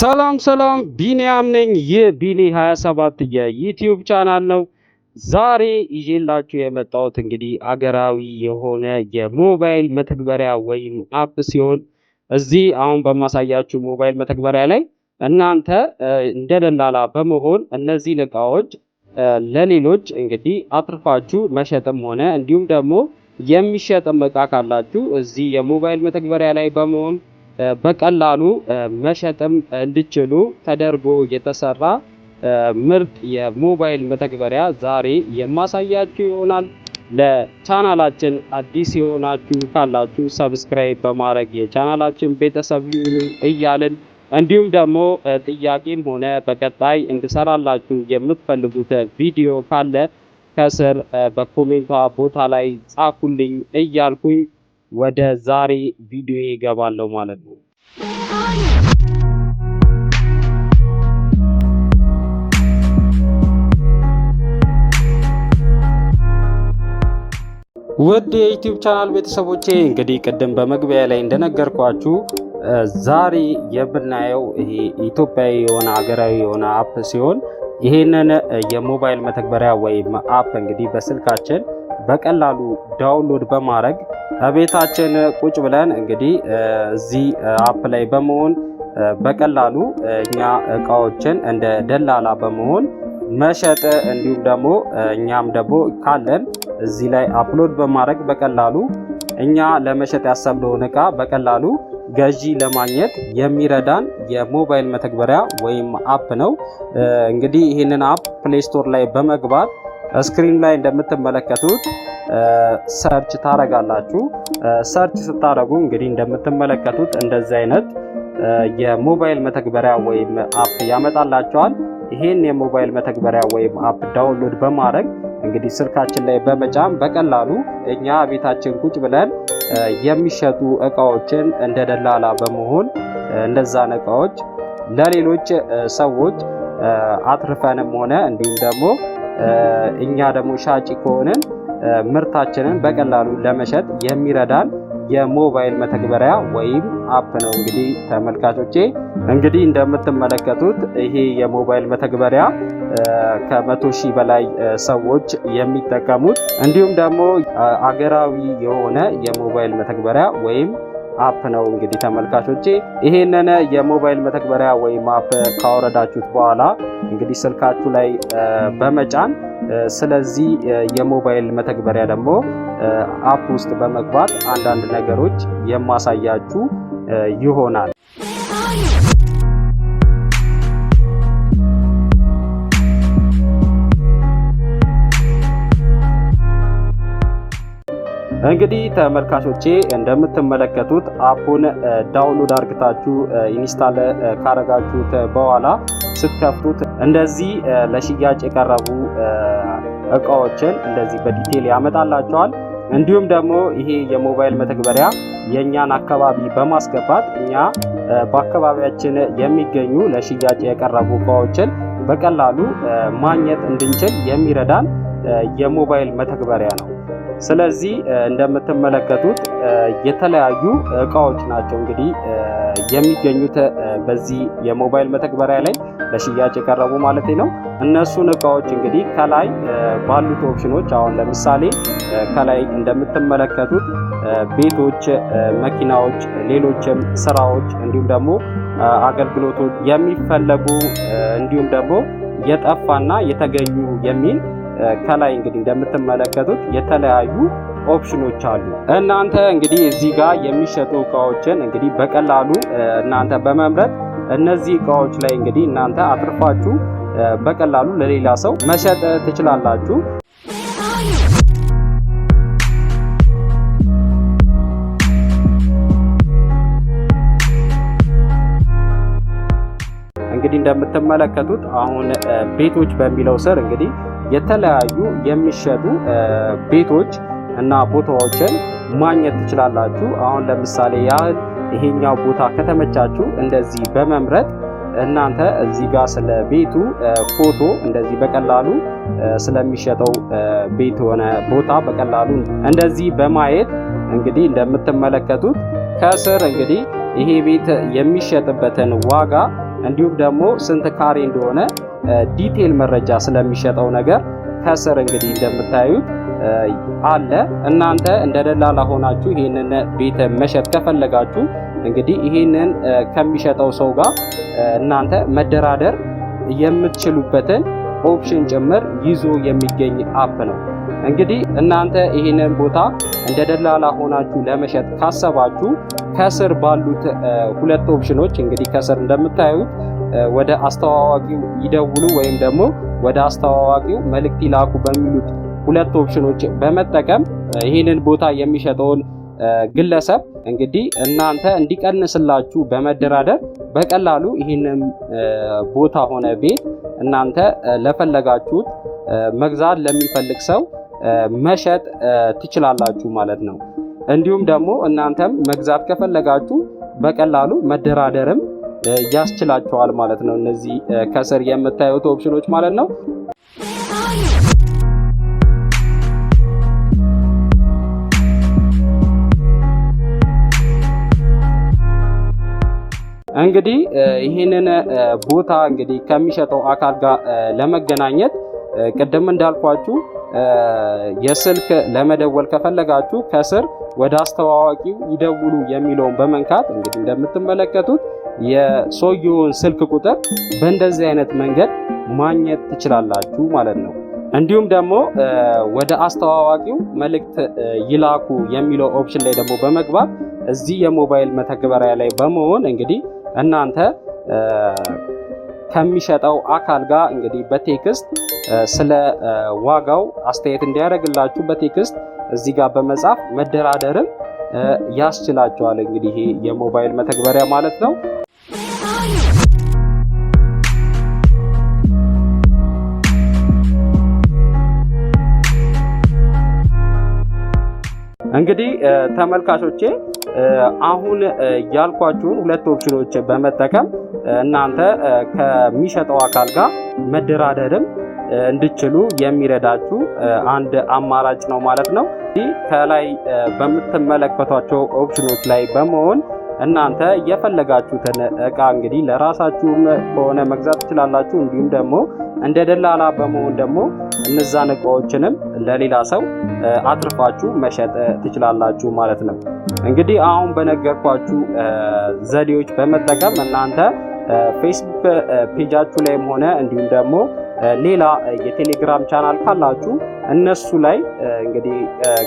ሰላም ሰላም፣ ቢኒያም ነኝ። ይህ ቢኒ 27 የዩቲዩብ ቻናል ነው። ዛሬ ይዤላችሁ የመጣሁት እንግዲህ አገራዊ የሆነ የሞባይል መተግበሪያ ወይም አፕ ሲሆን እዚህ አሁን በማሳያችሁ ሞባይል መተግበሪያ ላይ እናንተ እንደ ደላላ በመሆን እነዚህን እቃዎች ለሌሎች እንግዲህ አትርፋችሁ መሸጥም ሆነ እንዲሁም ደግሞ የሚሸጥም እቃ ካላችሁ እዚህ የሞባይል መተግበሪያ ላይ በመሆን በቀላሉ መሸጥም እንዲችሉ ተደርጎ የተሰራ ምርጥ የሞባይል መተግበሪያ ዛሬ የማሳያችሁ ይሆናል። ለቻናላችን አዲስ የሆናችሁ ካላችሁ ሰብስክራይብ በማድረግ የቻናላችን ቤተሰብ እያልን እንዲሁም ደግሞ ጥያቄም ሆነ በቀጣይ እንድሰራላችሁ የምትፈልጉት ቪዲዮ ካለ ከስር በኮሜንቷ ቦታ ላይ ጻፉልኝ እያልኩኝ ወደ ዛሬ ቪዲዮ ይገባለሁ ማለት ነው። ውድ የዩቲዩብ ቻናል ቤተሰቦቼ እንግዲህ ቅድም በመግቢያ ላይ እንደነገርኳችሁ ዛሬ የምናየው ይሄ ኢትዮጵያዊ የሆነ ሀገራዊ የሆነ አፕ ሲሆን ይህንን የሞባይል መተግበሪያ ወይም አፕ እንግዲህ በስልካችን በቀላሉ ዳውንሎድ በማድረግ ቤታችን ቁጭ ብለን እንግዲህ እዚህ አፕ ላይ በመሆን በቀላሉ እኛ እቃዎችን እንደ ደላላ በመሆን መሸጥ እንዲሁም ደግሞ እኛም ደግሞ ካለን እዚህ ላይ አፕሎድ በማድረግ በቀላሉ እኛ ለመሸጥ ያሰብነውን እቃ በቀላሉ ገዢ ለማግኘት የሚረዳን የሞባይል መተግበሪያ ወይም አፕ ነው። እንግዲህ ይህንን አፕ ፕሌይ ስቶር ላይ በመግባት ስክሪን ላይ እንደምትመለከቱት ሰርች ታረጋላችሁ። ሰርች ስታረጉ እንግዲህ እንደምትመለከቱት እንደዚህ አይነት የሞባይል መተግበሪያ ወይም አፕ ያመጣላችኋል። ይሄን የሞባይል መተግበሪያ ወይም አፕ ዳውንሎድ በማድረግ እንግዲህ ስልካችን ላይ በመጫን በቀላሉ እኛ ቤታችን ቁጭ ብለን የሚሸጡ እቃዎችን እንደ ደላላ በመሆን እንደዛን እቃዎች ለሌሎች ሰዎች አትርፈንም ሆነ እንዲሁም ደግሞ እኛ ደግሞ ሻጭ ከሆንን ምርታችንን በቀላሉ ለመሸጥ የሚረዳን የሞባይል መተግበሪያ ወይም አፕ ነው። እንግዲህ ተመልካቾቼ እንግዲህ እንደምትመለከቱት ይሄ የሞባይል መተግበሪያ ከመቶ ሺህ በላይ ሰዎች የሚጠቀሙት እንዲሁም ደግሞ አገራዊ የሆነ የሞባይል መተግበሪያ ወይም አፕ ነው። እንግዲህ ተመልካቾቼ ይሄንን የሞባይል መተግበሪያ ወይም አፕ ካወረዳችሁት በኋላ እንግዲህ ስልካችሁ ላይ በመጫን ስለዚህ የሞባይል መተግበሪያ ደግሞ አፕ ውስጥ በመግባት አንዳንድ ነገሮች የማሳያችሁ ይሆናል። እንግዲህ ተመልካቾቼ እንደምትመለከቱት አፑን ዳውንሎድ አርግታችሁ ኢንስታል ካረጋችሁት በኋላ ስትከፍቱት እንደዚህ ለሽያጭ የቀረቡ እቃዎችን እንደዚህ በዲቴል ያመጣላቸዋል። እንዲሁም ደግሞ ይሄ የሞባይል መተግበሪያ የእኛን አካባቢ በማስገባት እኛ በአካባቢያችን የሚገኙ ለሽያጭ የቀረቡ እቃዎችን በቀላሉ ማግኘት እንድንችል የሚረዳን የሞባይል መተግበሪያ ነው። ስለዚህ እንደምትመለከቱት የተለያዩ እቃዎች ናቸው እንግዲህ የሚገኙት በዚህ የሞባይል መተግበሪያ ላይ ለሽያጭ የቀረቡ ማለት ነው። እነሱን እቃዎች እንግዲህ ከላይ ባሉት ኦፕሽኖች አሁን ለምሳሌ ከላይ እንደምትመለከቱት ቤቶች፣ መኪናዎች፣ ሌሎችም ስራዎች እንዲሁም ደግሞ አገልግሎቶች የሚፈለጉ እንዲሁም ደግሞ የጠፋና የተገኙ የሚል ከላይ እንግዲህ እንደምትመለከቱት የተለያዩ ኦፕሽኖች አሉ። እናንተ እንግዲህ እዚህ ጋር የሚሸጡ እቃዎችን እንግዲህ በቀላሉ እናንተ በመምረጥ እነዚህ እቃዎች ላይ እንግዲህ እናንተ አትርፋችሁ በቀላሉ ለሌላ ሰው መሸጥ ትችላላችሁ። እንግዲህ እንደምትመለከቱት አሁን ቤቶች በሚለው ስር እንግዲህ የተለያዩ የሚሸጡ ቤቶች እና ቦታዎችን ማግኘት ትችላላችሁ። አሁን ለምሳሌ ያህል ይሄኛው ቦታ ከተመቻችሁ እንደዚህ በመምረጥ እናንተ እዚህ ጋር ስለ ቤቱ ፎቶ እንደዚህ በቀላሉ ስለሚሸጠው ቤት ሆነ ቦታ በቀላሉ እንደዚህ በማየት እንግዲህ እንደምትመለከቱት ከስር እንግዲህ ይሄ ቤት የሚሸጥበትን ዋጋ እንዲሁም ደግሞ ስንት ካሬ እንደሆነ ዲቴል መረጃ ስለሚሸጠው ነገር ከስር እንግዲህ እንደምታዩት አለ። እናንተ እንደ ደላላ ሆናችሁ ይህንን ቤት መሸጥ ከፈለጋችሁ እንግዲህ ይህንን ከሚሸጠው ሰው ጋር እናንተ መደራደር የምትችሉበትን ኦፕሽን ጭምር ይዞ የሚገኝ አፕ ነው። እንግዲህ እናንተ ይህንን ቦታ እንደ ደላላ ሆናችሁ ለመሸጥ ካሰባችሁ ከስር ባሉት ሁለት ኦፕሽኖች እንግዲህ ከስር እንደምታዩት ወደ አስተዋዋቂው ይደውሉ ወይም ደግሞ ወደ አስተዋዋቂው መልእክት ይላኩ በሚሉት ሁለት ኦፕሽኖች በመጠቀም ይህንን ቦታ የሚሸጠውን ግለሰብ እንግዲህ እናንተ እንዲቀንስላችሁ በመደራደር በቀላሉ ይህንን ቦታ ሆነ ቤት እናንተ ለፈለጋችሁት መግዛት ለሚፈልግ ሰው መሸጥ ትችላላችሁ ማለት ነው። እንዲሁም ደግሞ እናንተም መግዛት ከፈለጋችሁ በቀላሉ መደራደርም ያስችላችኋል ማለት ነው። እነዚህ ከስር የምታዩት ኦፕሽኖች ማለት ነው። እንግዲህ ይህንን ቦታ እንግዲህ ከሚሸጠው አካል ጋር ለመገናኘት ቅድም እንዳልኳችሁ የስልክ ለመደወል ከፈለጋችሁ ከስር ወደ አስተዋዋቂው ይደውሉ የሚለውን በመንካት እንግዲህ እንደምትመለከቱት የሰውየውን ስልክ ቁጥር በእንደዚህ አይነት መንገድ ማግኘት ትችላላችሁ ማለት ነው። እንዲሁም ደግሞ ወደ አስተዋዋቂው መልእክት ይላኩ የሚለው ኦፕሽን ላይ ደግሞ በመግባት እዚህ የሞባይል መተግበሪያ ላይ በመሆን እንግዲህ እናንተ ከሚሸጠው አካል ጋር እንግዲህ በቴክስት ስለ ዋጋው አስተያየት እንዲያደርግላችሁ በቴክስት እዚህ ጋር በመጻፍ መደራደርም ያስችላቸዋል። እንግዲህ ይሄ የሞባይል መተግበሪያ ማለት ነው። እንግዲህ ተመልካቾቼ አሁን ያልኳችሁን ሁለት ኦፕሽኖች በመጠቀም እናንተ ከሚሸጠው አካል ጋር መደራደርም እንድችሉ የሚረዳችሁ አንድ አማራጭ ነው ማለት ነው። ይህ ከላይ በምትመለከቷቸው ኦፕሽኖች ላይ በመሆን እናንተ የፈለጋችሁትን እቃ እንግዲህ ለራሳችሁም ከሆነ መግዛት ትችላላችሁ። እንዲሁም ደግሞ እንደ ደላላ በመሆን ደግሞ እነዛን እቃዎችንም ለሌላ ሰው አትርፋችሁ መሸጥ ትችላላችሁ ማለት ነው። እንግዲህ አሁን በነገርኳችሁ ዘዴዎች በመጠቀም እናንተ ፌስቡክ ፔጃችሁ ላይም ሆነ እንዲሁም ደግሞ ሌላ የቴሌግራም ቻናል ካላችሁ እነሱ ላይ እንግዲህ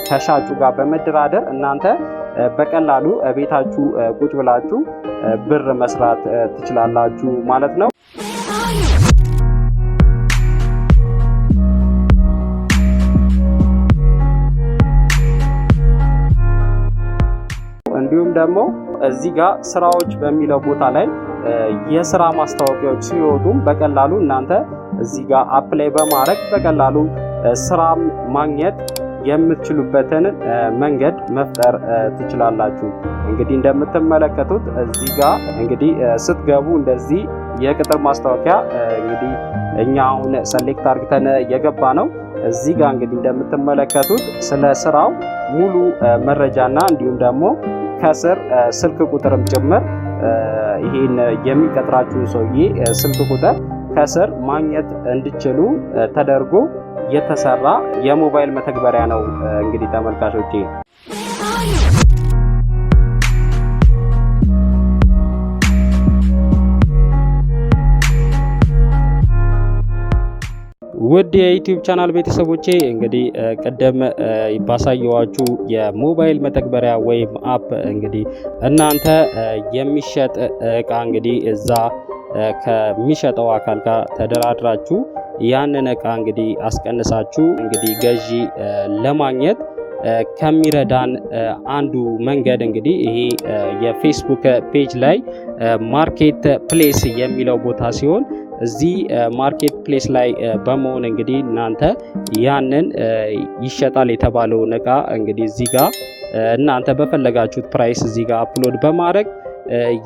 ከሻጩ ጋር በመደራደር እናንተ በቀላሉ ቤታችሁ ቁጭ ብላችሁ ብር መስራት ትችላላችሁ ማለት ነው። እንዲሁም ደግሞ እዚህ ጋር ስራዎች በሚለው ቦታ ላይ የስራ ማስታወቂያዎች ሲወጡም በቀላሉ እናንተ እዚህ ጋር አፕላይ በማድረግ በቀላሉ ስራ ማግኘት የምትችሉበትን መንገድ መፍጠር ትችላላችሁ። እንግዲህ እንደምትመለከቱት እዚህ ጋር እንግዲህ ስትገቡ እንደዚህ የቅጥር ማስታወቂያ እንግዲህ እኛ አሁን ሰሌክት አርግተን የገባ ነው። እዚህ ጋር እንግዲህ እንደምትመለከቱት ስለ ስራው ሙሉ መረጃና እንዲሁም ደግሞ ከስር ስልክ ቁጥርም ጭምር ይሄን የሚቀጥራችሁ ሰውዬ ስልክ ቁጥር ከስር ማግኘት እንዲችሉ ተደርጎ የተሰራ የሞባይል መተግበሪያ ነው። እንግዲህ ተመልካቾቼ ውድ የዩቲዩብ ቻናል ቤተሰቦቼ እንግዲህ ቅድም ባሳየዋችሁ የሞባይል መተግበሪያ ወይም አፕ እንግዲህ እናንተ የሚሸጥ እቃ እንግዲህ እዛ ከሚሸጠው አካል ጋር ተደራድራችሁ ያንን እቃ እንግዲህ አስቀንሳችሁ እንግዲህ ገዢ ለማግኘት ከሚረዳን አንዱ መንገድ እንግዲህ ይሄ የፌስቡክ ፔጅ ላይ ማርኬት ፕሌስ የሚለው ቦታ ሲሆን እዚህ ማርኬት ፕሌስ ላይ በመሆን እንግዲህ እናንተ ያንን ይሸጣል የተባለውን እቃ እንግዲህ እዚህ ጋር እናንተ በፈለጋችሁት ፕራይስ እዚህ ጋር አፕሎድ በማድረግ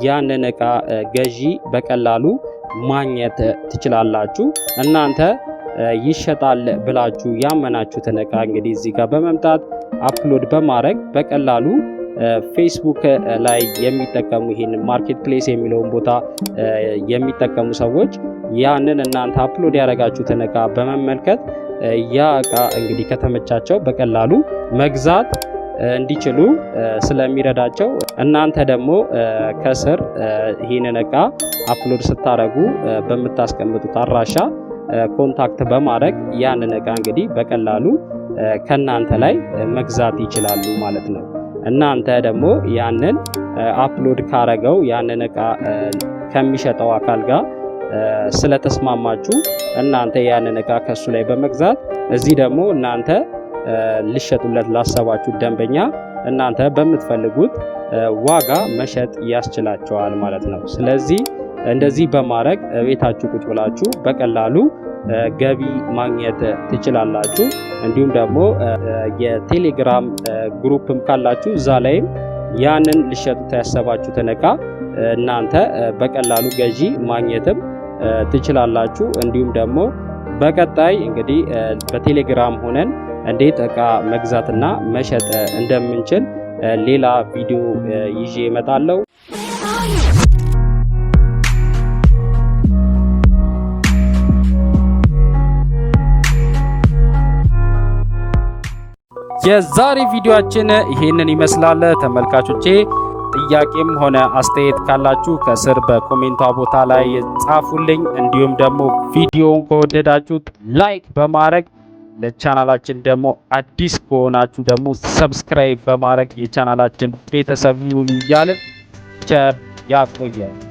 ያንን እቃ ገዢ በቀላሉ ማግኘት ትችላላችሁ። እናንተ ይሸጣል ብላችሁ ያመናችሁትን እቃ እንግዲህ እዚህ ጋር በመምጣት አፕሎድ በማድረግ በቀላሉ ፌስቡክ ላይ የሚጠቀሙ ይህን ማርኬት ፕሌስ የሚለውን ቦታ የሚጠቀሙ ሰዎች ያንን እናንተ አፕሎድ ያደረጋችሁትን እቃ በመመልከት ያ እቃ እንግዲህ ከተመቻቸው በቀላሉ መግዛት እንዲችሉ ስለሚረዳቸው እናንተ ደግሞ ከስር ይህንን እቃ አፕሎድ ስታደረጉ በምታስቀምጡት አድራሻ ኮንታክት በማድረግ ያንን እቃ እንግዲህ በቀላሉ ከእናንተ ላይ መግዛት ይችላሉ ማለት ነው። እናንተ ደግሞ ያንን አፕሎድ ካረገው ያንን እቃ ከሚሸጠው አካል ጋር ስለተስማማችሁ እናንተ ያንን እቃ ከሱ ላይ በመግዛት እዚህ ደግሞ እናንተ ልሸጡለት ላሰባችሁ ደንበኛ እናንተ በምትፈልጉት ዋጋ መሸጥ ያስችላቸዋል ማለት ነው። ስለዚህ እንደዚህ በማድረግ ቤታችሁ ቁጭ ብላችሁ በቀላሉ ገቢ ማግኘት ትችላላችሁ። እንዲሁም ደግሞ የቴሌግራም ግሩፕም ካላችሁ እዛ ላይም ያንን ልሸጡት ያሰባችሁትን እቃ እናንተ በቀላሉ ገዢ ማግኘትም ትችላላችሁ። እንዲሁም ደግሞ በቀጣይ እንግዲህ በቴሌግራም ሆነን እንዴት እቃ መግዛትና መሸጥ እንደምንችል ሌላ ቪዲዮ ይዤ እመጣለሁ። የዛሬ ቪዲዮአችን ይሄንን ይመስላል ተመልካቾቼ። ጥያቄም ሆነ አስተያየት ካላችሁ ከስር በኮሜንቷ ቦታ ላይ ጻፉልኝ። እንዲሁም ደግሞ ቪዲዮውን ከወደዳችሁት ላይክ በማድረግ ለቻናላችን ደግሞ አዲስ ከሆናችሁ ደግሞ ሰብስክራይብ በማድረግ የቻናላችን ቤተሰብ እያልን ቸር ያቆየን።